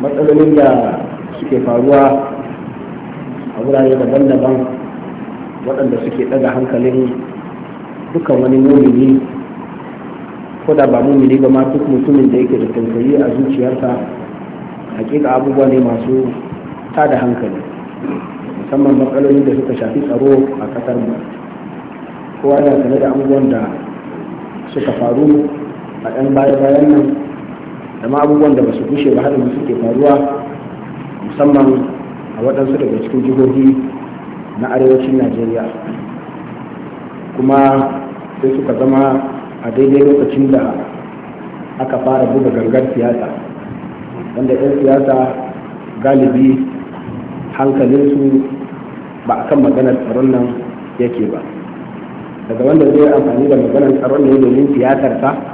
matsalolin da suke faruwa a wurare daban-daban waɗanda suke ɗaga hankalin dukkan wani mumini ko da ba mumini ba ma duk mutumin da yake da tausayi a zuciyarsa hakika abubuwa ne masu tada hankali musamman matsalolin da suka shafi tsaro a ƙasar mu kowa yana sane da abubuwan da suka faru a ɗan baya-bayan nan zama ma abubuwan da ba su bushe ba haɗin suke faruwa musamman a waɗansu daga cikin jihohi na arewacin najeriya kuma sai suka zama a daidai lokacin da aka fara buga gangar siyasa wanda 'yan siyasa galibi hankalinsu ba a kan maganar tsaron nan yake ba daga wanda zai amfani da maganar tsaron ne domin siyasarsa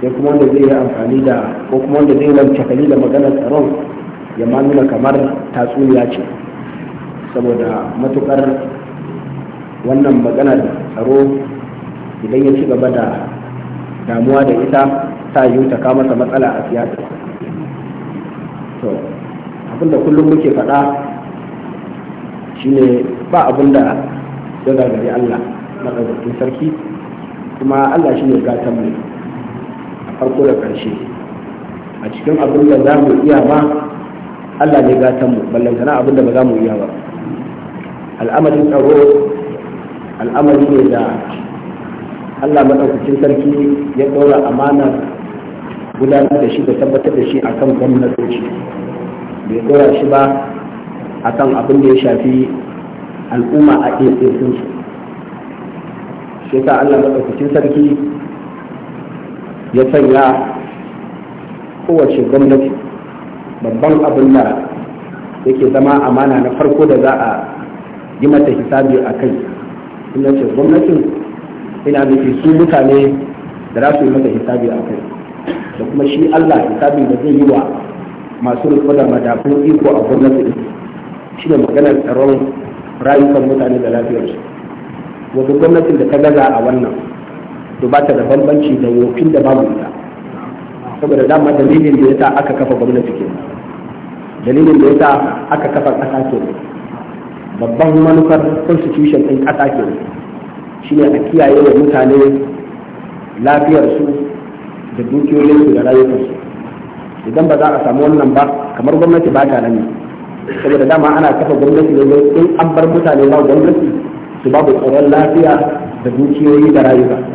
sai kuma wanda zai yi amfani da ko kuma wanda zai wance kali da maganar tsaron ya ma nuna kamar tatsuniya ce saboda matukar wannan maganar tsaro idan ya ci gaba da damuwa da ita ta yi ta kama masa matsala a siyasa to abinda kullum muke faɗa shine ba da ya gargari Allah na sarki kuma Allah shine gatan mu farko da ƙarshe a cikin abin da za mu iya ba Allah ne gatan mu ballantana abin da ba za mu iya ba al'amarin tsaro al'amari ne da Allah maɗaukacin sarki ya ɗora amanar gudanar da shi da tabbatar da shi akan gwamnatoci bai ɗora shi ba akan abin da ya shafi al'umma a ɗaya sun su shi ta Allah maɗaukacin sarki ya sanya kowace gwamnati babban abin da yake zama amana na farko da za a yi mata hisabi a kai ina ce gwamnatin ina nufi su mutane da za su yi mata hisabi a kai da kuma shi allah hisabi da zai yi wa masu rufe da madafun iko a gwamnati shi ne maganar tsaron rayukan mutane da lafiyarsu wasu gwamnatin da ta gaza a wannan to ba ta da bambanci da yofin da babu ita saboda dama dalilin da yasa aka kafa gwamnati ke dalilin da yasa aka kafa ƙasa ke babban manufar constitution ɗin ƙasa ke shine a kiyaye wa mutane lafiyarsu da dukiyoyinsu da rayukansu idan ba za a samu wannan ba kamar gwamnati ba ta nan saboda dama ana kafa gwamnati ne in an bar mutane ba gwamnati su babu tsaron lafiya da dukiyoyi da rayuka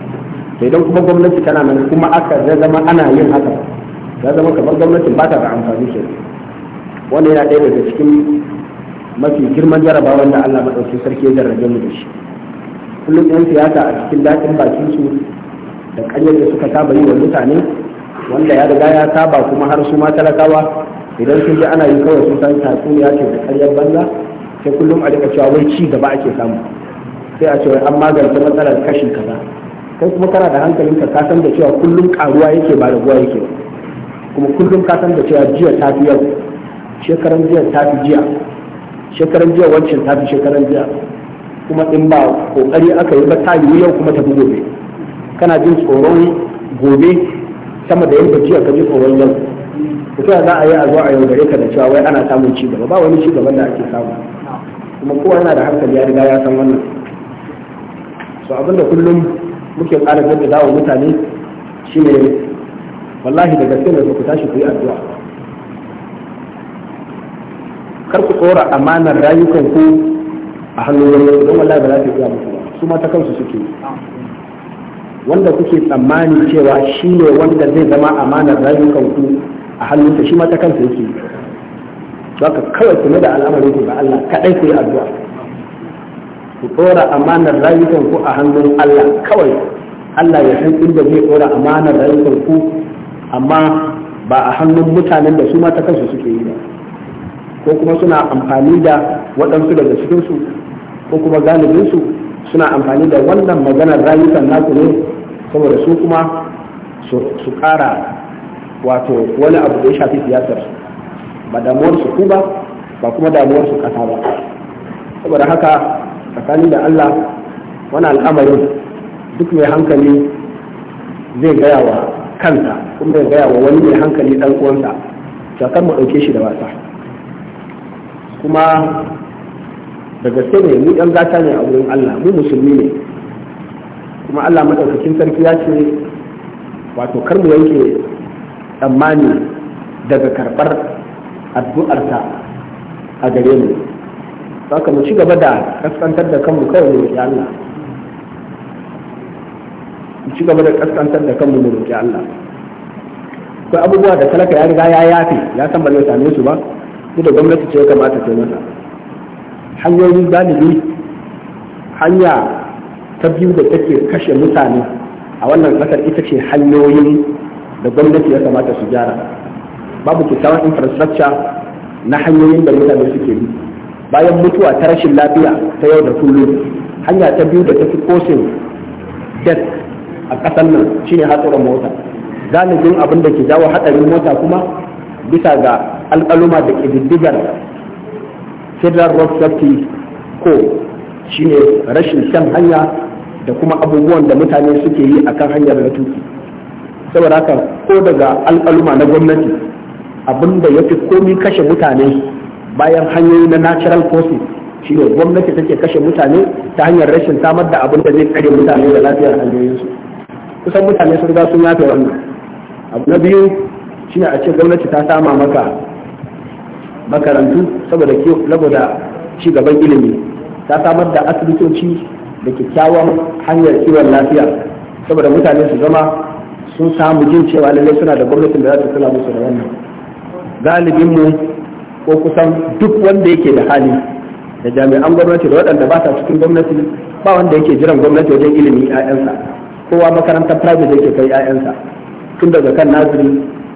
to idan kuma gwamnati tana nan kuma aka ya zama ana yin haka ya zama kamar gwamnatin ba ta da amfani ke wanda yana ɗaya daga cikin mafi girman jaraba wanda Allah maɗauki sarki ya jarrabe mu da shi kullum yan siyasa a cikin daɗin bakin su da ƙaryar da suka saba yi wa mutane wanda ya riga ya saba kuma har su ma talakawa idan sun ji ana yi kawai sun san tatsuniya ce da ƙaryar banza sai kullum a rika cewa wai ci gaba ake samu sai a ce wai an magance matsalar kashin kaza kai kuma kana da hankalinka ka san da cewa kullum karuwa yake ba raguwa yake kuma kullum ka san da cewa jiya ta fi yau shekaran jiya ta fi jiya shekaran jiya wancan ta fi shekaran jiya kuma in ba kokari aka yi ba ta yi yau kuma ta fi gobe kana jin tsoron gobe sama da yadda jiya ka ji tsoron yau mutum za a yi a zo a yaudare ka da cewa wai ana samun ci gaba ba wani ci gaban da ake samu kuma kowa yana da hankali ya riga ya san wannan so abinda kullum muke ƙara jaddada wa mutane shine wallahi da gaske ne ku tashi ku yi addu'a kar ku tsora amanar rayukan ku a hannun wani don wallahi ba za ta iya muku su ma ta kansu suke wanda kuke tsammani cewa shi ne wanda zai zama amanar rayukan ku a hannunsa shi ma ta kansa yake haka kawai kuma da al'amarin ku ga Allah kadai ku yi addu'a ku tsora amanar rayukan ku a hannun Allah kawai Allah ya san inda zai ɗora amanar rayuwar ku amma ba a hannun mutanen da su ma ta kansu suke yi ba ko kuma suna amfani da waɗansu daga cikinsu ko kuma galibinsu suna amfani da wannan maganar rayukan nasu ne saboda su kuma su ƙara wato wani abu da ya shafi siyasar ba damuwar su ku ba ba kuma damuwar su ƙasa ba saboda haka tsakani da Allah wani al'amarin duk mai hankali zai gaya wa kanta kuma zai gaya wa wani mai hankali dan uwansa da kan mu dauke shi da wasa kuma da gaske ne mu dan gata ne a wurin Allah mu musulmi ne kuma Allah madaukakin sarki ya ce wato kar mu yanke tsammani daga karbar addu'arta a gare mu saka mu ci gaba da kaskantar da kanmu kawai ne ya Allah mu ci gaba da kaskantar da kanmu mu roƙi Allah akwai abubuwa da talaka ya riga ya yafe ya san ba zai same su ba su da gwamnati ce ya kamata ta masa hanyoyin galibi hanya ta biyu da take kashe mutane a wannan kasar ita ce hanyoyin da gwamnati ya kamata su gyara babu kyakkyawan infrastructure na hanyoyin da mutane suke bi bayan mutuwa ta rashin lafiya ta yau da kullum hanya ta biyu da ta fi kosin death a ƙasar nan shi ne hatsarin mota galibin abin da ke jawo hatsarin mota kuma bisa ga alƙaluma da diddigar federal road safety ko ne rashin shan hanya da kuma abubuwan da mutane suke yi akan hanyar da tuki saboda haka ko daga alƙaluma na gwamnati abin da ya fi komi kashe mutane bayan hanyoyi na natural forces ne gwamnati take kashe mutane ta hanyar rashin samar da abin da zai kare mutane da lafiyar hanyoyinsu kusan mutane sun riga sun yafe wannan abu na biyu shine a ce gwamnati ta sama maka makarantu saboda saboda ci gaban ilimi ta samar da asibitoci da kyakkyawan hanyar kiwon lafiya saboda mutane su zama sun samu jin cewa lallai suna da gwamnatin da za ta kula musu da wannan galibinmu ko kusan duk wanda yake da hali da jami'an gwamnati da waɗanda ba sa cikin gwamnati ba wanda yake jiran gwamnati wajen ilimin 'ya'yansa kowa makarantar private yake kai 'ya'yansa tun daga kan naziri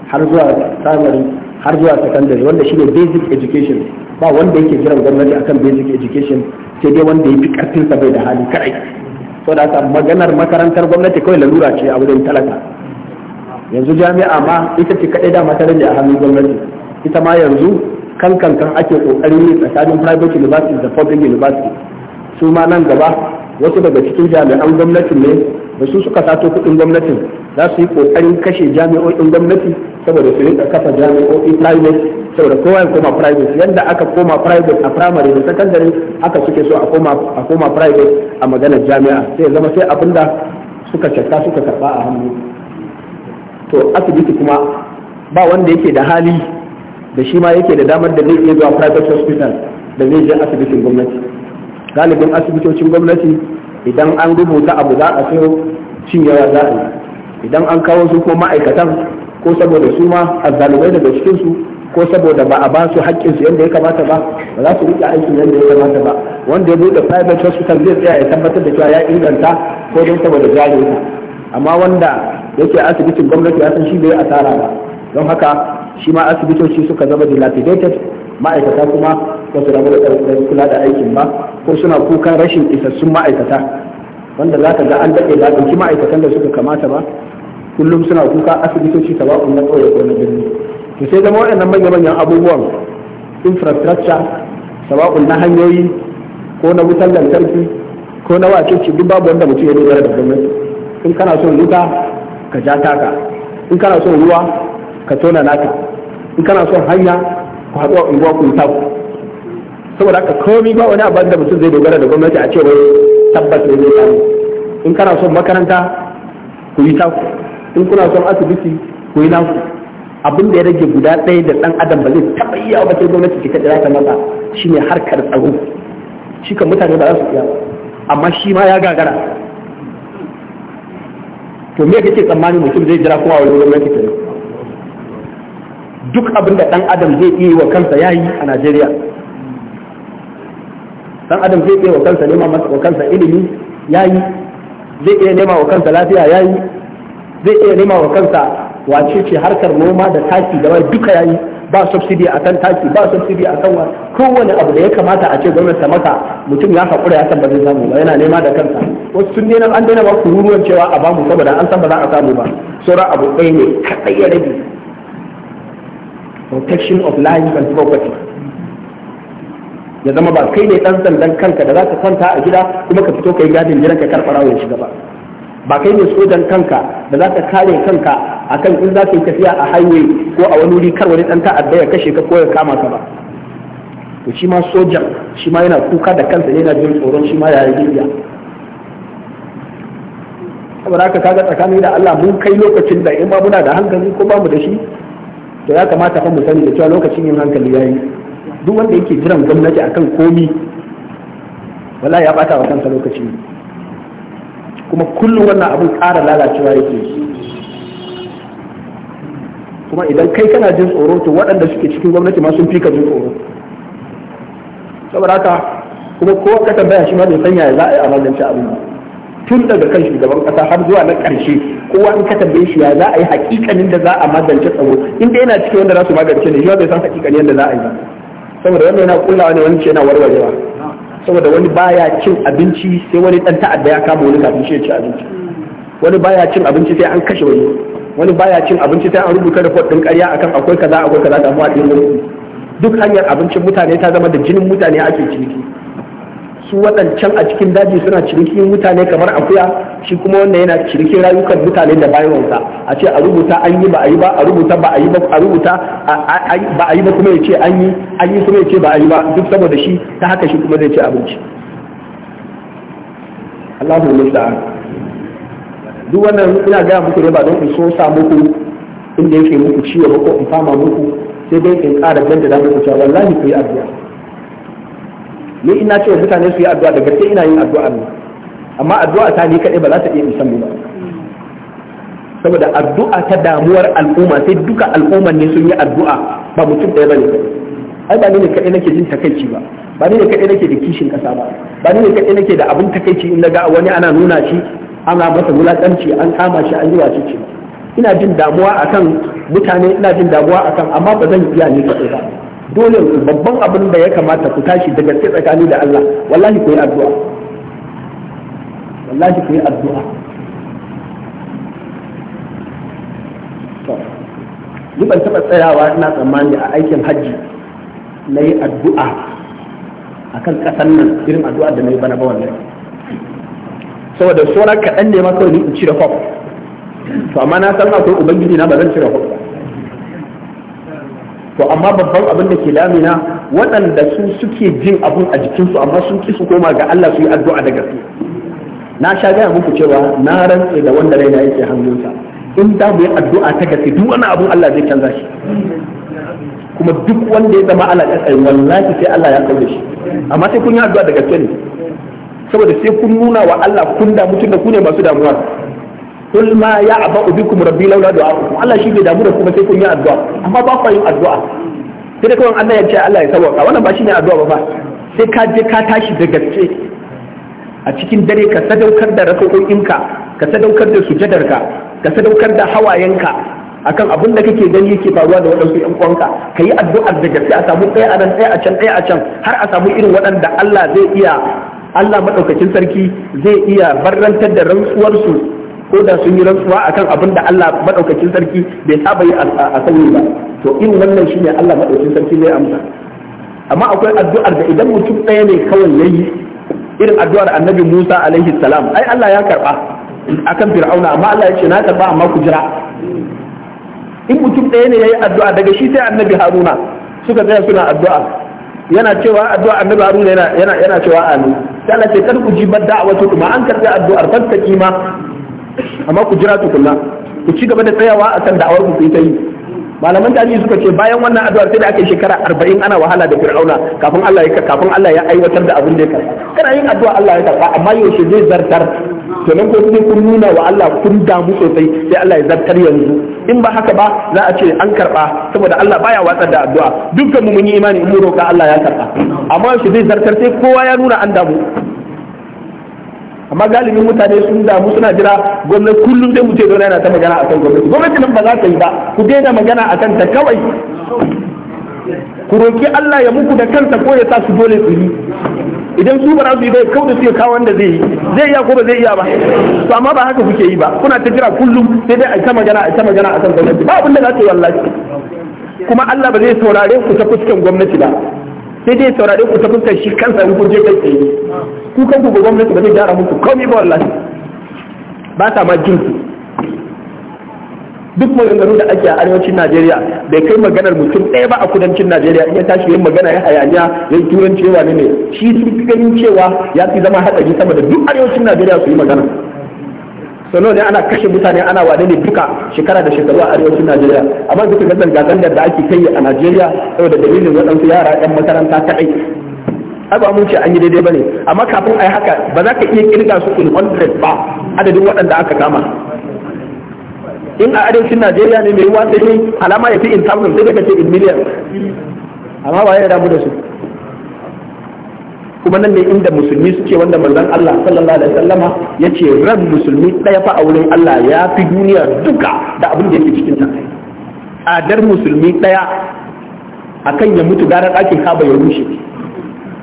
har zuwa primary har zuwa secondary wanda shine basic education ba wanda yake jiran gwamnati akan basic education sai dai wanda ya fi karfin sa bai da hali kai so da maganar makarantar gwamnati kawai lalura ce a wurin talaka yanzu jami'a ma ita ce kadai da mata rage a hannun gwamnati ita ma yanzu kan kan kan ake kokarin ne tsakanin private university da public university su ma nan gaba wasu daga cikin jami'an gwamnatin ne da su suka sato kuɗin gwamnatin za su yi ƙoƙarin kashe jami'o'in gwamnati saboda su rinka kafa jami'o'i private saboda kowa ya koma private yadda aka koma private a primary da secondary aka suke so a koma a private a maganar jami'a sai zama sai abinda suka cakka suka karba a hannu to asibiti kuma ba wanda yake da hali da shi ma yake da damar da zai iya zuwa private hospital da zai je asibitin gwamnati galibin asibitocin gwamnati idan an rubuta abu za a sayo cinyewa za a idan an kawo su ko ma'aikatan ko saboda su ma azzalumai daga cikin su ko saboda ba a ba su haƙƙin su yadda ya kamata ba ba za su rike aikin yadda ya kamata ba wanda ya bude private hospital zai tsaya ya tabbatar da cewa ya inganta ko don saboda jarinsa amma wanda yake asibitin gwamnati ya san shi bai asara ba don haka shi ma asibitoci suka zama dilapidated ma'aikata kuma ba su rabu da kula da aikin ba ko suna kukan rashin isassun ma'aikata wanda za ka ga an daɗe ba ɗauki ma'aikatan da suka kamata ba kullum suna kuka asibitoci ba na ƙauye ko na birni to sai zama waɗannan manya-manyan abubuwan infrastructure tabakun na hanyoyi ko na wutar lantarki ko na ce duk babu wanda mutum ya dogara da gwamnati in kana son wuta ka ja taka in kana son ruwa ka tona naka in kana son hanya ku haɗu a unguwa ku ta ku saboda haka komi ba wani abin da mutum zai dogara da gwamnati a cewa tabbas ne zai in kana son makaranta ku yi ku in kuna son asibiti ku yi naku abin da ya rage guda ɗaya da ɗan adam ba zai taɓa iya wa bakin gwamnati ce kaɗai ta shi ne harkar tsaro shi kan mutane ba za su iya amma shi ma ya gagara to me kake tsammani mutum zai jira kuma wani gwamnati ta duk abin da dan adam zai iya wa kansa ya yi a Najeriya dan adam zai iya wa kansa nema wa kansa ilimi ya yi. zai iya nema wa kansa lafiya ya yi. zai iya nema wa kansa wace ce harkar noma da taki da wai duka yi ba subsidi a kan taki ba subsidi a kan wa. kowane abu da ya kamata a ce gwamnati ta maka mutum ya hakura ya san ba zai samu ba yana nema da kansa wasu sun daina an daina ba ruruwan cewa a bamu saboda an san ba za a samu ba sauran abu ɗaya ne kaɗai ya rabi protection of life and property ya zama ba kai ne dan sandan kanka da za ka kwanta a gida kuma ka fito kai gadin gidan ka karfara ya shiga ba ba kai ne sojan kanka da za ka kare kanka akan in za ka yi tafiya a highway ko a wani wuri kar wani dan ta'adda ya kashe ka ko ya kama ka ba to shi ma sojan shi ma yana kuka da kansa yana jin tsoron shi ma ya yi gidiya saboda haka kaga tsakanin da Allah mun kai lokacin da in ba muna da hankali ko ba mu da shi to ya kamata fa mu sani da cewa lokacin yin hankali yayi duk wanda yake jiran gwamnati akan komi wala ya bata wa kansa lokaci kuma kullum wannan abin ƙara lalacewa yake kuma idan kai kana jin tsoro to waɗanda suke cikin gwamnati ma sun fi ka jin tsoro saboda haka kuma kowa ka tambaya shi ma bai sanya ya za a yi a magance abin tun daga kan shugaban ƙasa har zuwa na ƙarshe kowa in ka tambaye shi ya za a yi hakikanin da za a magance tsaro in dai yana cikin wanda za su magance ne shi bai san hakikanin yadda za a yi saboda wanda yana kullawa ne wani ce yana warwarewa saboda wani baya cin abinci sai wani dan ta'adda ya kama wani kafin shi ya ci abinci wani baya cin abinci sai an kashe wani wani baya cin abinci sai an rubuta da din ƙarya akan akwai kaza akwai kaza da mu a duk hanyar abincin mutane ta zama da jinin mutane ake ciniki su waɗancan a cikin daji suna cirikin mutane kamar akuya shi kuma wannan yana cirikin rayukan mutane da bayansa a ce a rubuta an yi ba a yi ba a rubuta ba a yi ba a rubuta ba a yi ba kuma ya ce an yi an yi kuma ya ce ba a yi ba duk saboda shi ta haka shi kuma zai ci abinci Allahu musta'an duk wannan ina ga muku ne ba don in so sa muku inda yake muku ciwo ko in fama muku sai dai in ƙara jaddada muku cewa wallahi ku yi addu'a ni ina cewa mutane su yi addu'a da gaske ina yin addu'a ne amma addu'a ta ni kadai ba za ta iya musan ba saboda addu'a ta damuwar al'umma sai duka al'umman ne sun yi addu'a ba mutum ɗaya ba ne ai ba ni ne kaɗai nake jin takaici ba ba ni ne kaɗai nake da kishin ƙasa ba ba ni ne kaɗai nake da abin takaici in ga wani ana nuna shi ana masa wulaƙanci an kama shi an yi wace ce ina jin damuwa akan mutane ina jin damuwa akan amma ba zan iya ni kaɗai ba dole babban abin da ya kamata ku tashi da gaske tsakani da Allah wallahi ku yi addu'a wallahi ku yi addu'a ni ban taɓa tsayawa ina tsammani a aikin hajji na yi addu'a a kan ƙasar nan irin addu'a da na yi bana ba wannan saboda sauran kaɗan ne ma kawai ni in cire kwaf to amma na san akwai ubangiji na ba zan cire kwaf ba to amma babban abin da ke damina waɗanda su suke jin abun a jikinsu amma sun ki su koma ga Allah su yi addu'a da gaske na sha gaya muku cewa na rantse da wanda raina yake hannunsa in da mu yi addu'a ta gaske duk wani abun Allah zai canza shi kuma duk wanda ya zama Allah ya tsaye wallahi sai Allah ya kaure shi amma sai kun yi addu'a da gaske ne saboda sai kun nuna wa Allah kun damu da ku ne masu damuwa kul ma ya aba ubikum rabbi laula du'a'ukum Allah shi bai damu da kuma sai kun yi addu'a amma ba ku yin addu'a sai da kawai Allah ya ce Allah ya sauka wannan ba ne addu'a ba sai ka je ka tashi da gaske a cikin dare ka sadaukar da rakokokinka ka sadaukar da sujadarka ka sadaukar da hawayenka akan abin da kake gani yake faruwa da waɗansu ƴan uwanka ka yi addu'ar da gaske a samu ɗaya a nan ɗaya a can ɗaya a can har a samu irin waɗanda Allah zai iya Allah maɗaukacin sarki zai iya barrantar da rantsuwarsu ko da sun yi rantsuwa akan abin da Allah madaukakin sarki bai saba yi a sanyi ba to in wannan shine Allah madaukakin sarki zai amsa amma akwai addu'ar da idan mutum ɗaya ne kawai yayi irin addu'ar annabi Musa alaihi salam ai Allah ya karba akan fir'auna amma Allah ya ce na karba amma ku jira in mutum ɗaya ne yayi addu'a daga shi sai annabi Haruna suka tsaya suna addu'a yana cewa addu'a annabi Haruna yana yana cewa amin sai Allah ce kar ku ji bad kuma an karɓi addu'ar fattaki ma amma ku jira tukunna ku ci gaba da tsayawa a kan da'awar ku ta yi malaman tarihi suka ce bayan wannan addu'ar sai da aka yi shekara arba'in ana wahala da fir'auna kafin Allah ya kafin Allah ya aiwatar da abin da ya karɓa kana yin addu'a Allah ya karɓa amma yaushe zai zartar to nan ko sai kun nuna wa Allah kun damu sosai sai Allah ya zartar yanzu in ba haka ba za a ce an karɓa saboda Allah baya watsar da addu'a dukkan mu mun yi imani in mu roƙa Allah ya karɓa amma yaushe zai zartar sai kowa ya nuna an damu amma galibin mutane sun damu suna jira gwamnati kullum sai mutu ce yana ta magana akan gwamnati gwamnati nan ba za ta yi ba ku daina magana akan ta kawai ku roki Allah ya muku da kansa ko ya sa su dole su yi idan su bara su yi bai kawai su ya kawo wanda zai yi zai iya ko ba zai iya ba to amma ba haka kuke yi ba kuna ta jira kullum sai dai a ta magana a ta magana akan gwamnati ba abin da za ta yi wallahi kuma Allah ba zai saurare ku ta fuskan gwamnati ba sai dai saurare ku ta fuskan shi kansa in kun je kai tsaye kukan ku gwamnati ba zai gyara muku komi ba wallahi ba ta ma jin duk maganganun da ake a arewacin Najeriya bai kai maganar mutum ɗaya ba a kudancin Najeriya in ya tashi yin magana ya hayaniya ya yi turan cewa ne ne shi sun fi ganin cewa ya fi zama haɗari sama da duk arewacin Najeriya su yi magana sano ne ana kashe mutane ana wane ne duka shekara da shekaru a arewacin Najeriya amma duka ga zanga-zangar da ake kai a Najeriya saboda dalilin waɗansu yara 'yan makaranta kaɗai ai ba mun ce an yi daidai bane amma kafin ai haka ba za ka iya kirga su in hundred ba adadin waɗanda aka kama in a arewacin Najeriya ne mai ruwa ne alama ya fi in thousand sai daga ce in million amma ba ya damu da su kuma nan ne inda musulmi suke wanda manzon Allah sallallahu alaihi wasallama yace ran musulmi daya fa a wurin Allah ya fi duniya duka da abin da yake cikin ta tsadar musulmi daya akan ya mutu garar ɗakin kaba ya rushe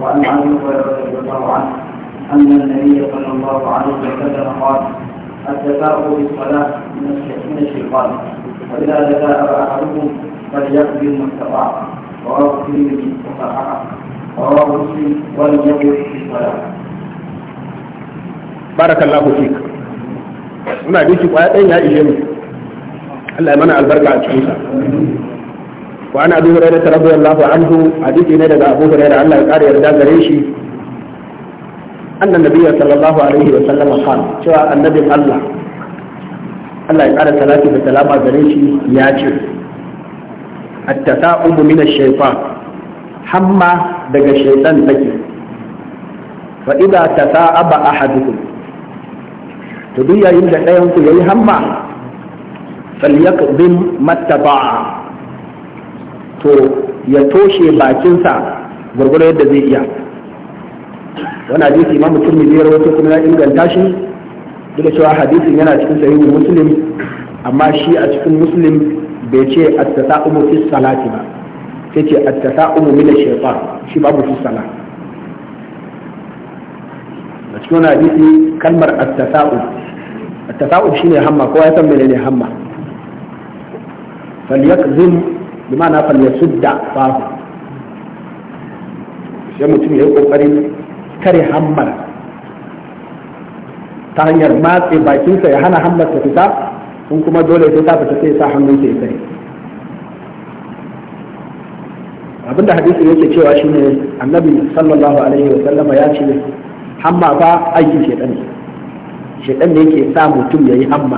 وعن علي رضي الله عنه أن النبي صلى الله عليه وسلم قال الدفاء بالصلاة من الشيطان وإذا دفاء أحدكم فليقبل ما استطاع رواه الترمذي وصححه رواه مسلم ولم يقل في الصلاة بارك الله فيك ما da shi kwaya ɗan ya ishe mu Allah ya وعن أبي هريرة رضي الله عنه حديث إلى أبو هريرة الله قال يرجع غريشي أن النبي صلى الله عليه وسلم قال شوى النبي الله الله قال ثلاثة بسلامة غريشي ياتي التثاؤب من الشيطان حما دق الشيطان تجي فإذا تثاءب أحدكم تضيع عند أيهم يهمّا فليقضم ما تطاع to ya toshe bakinsa gwargwado yadda zai iya wani hadisi imamu turmi ya rawato kuma ya inganta shi duk da cewa hadisin yana cikin sahihu muslim amma shi a cikin muslim bai ce attasa umu fi salati ba sai ce attasa umu min ash-shaytan shi babu fi salat a cikin wani hadisi kalmar attasa tasaum attasa tasaum shine hamma kowa ya san menene hamma falyakzim bi ma'ana fal yasudda fahu sai mutum ya yi kokarin kare hammar ta hanyar matse bakinsa ya hana hammar ta fita in kuma dole sai ta fita sai sa hannunsa ya kare abinda hadisi yake cewa shine annabi sallallahu alaihi wa sallama ya ce hamma ba aikin shedan ne shedan ne yake sa mutum yayi hamma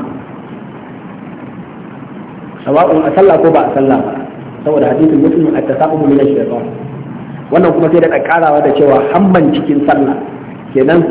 sawa'un a sallah ko ba a sallah ba saboda hadisin muslim a tasaqqumu min ash-shaytan wannan kuma sai da karawa da cewa hamman cikin sallah kenan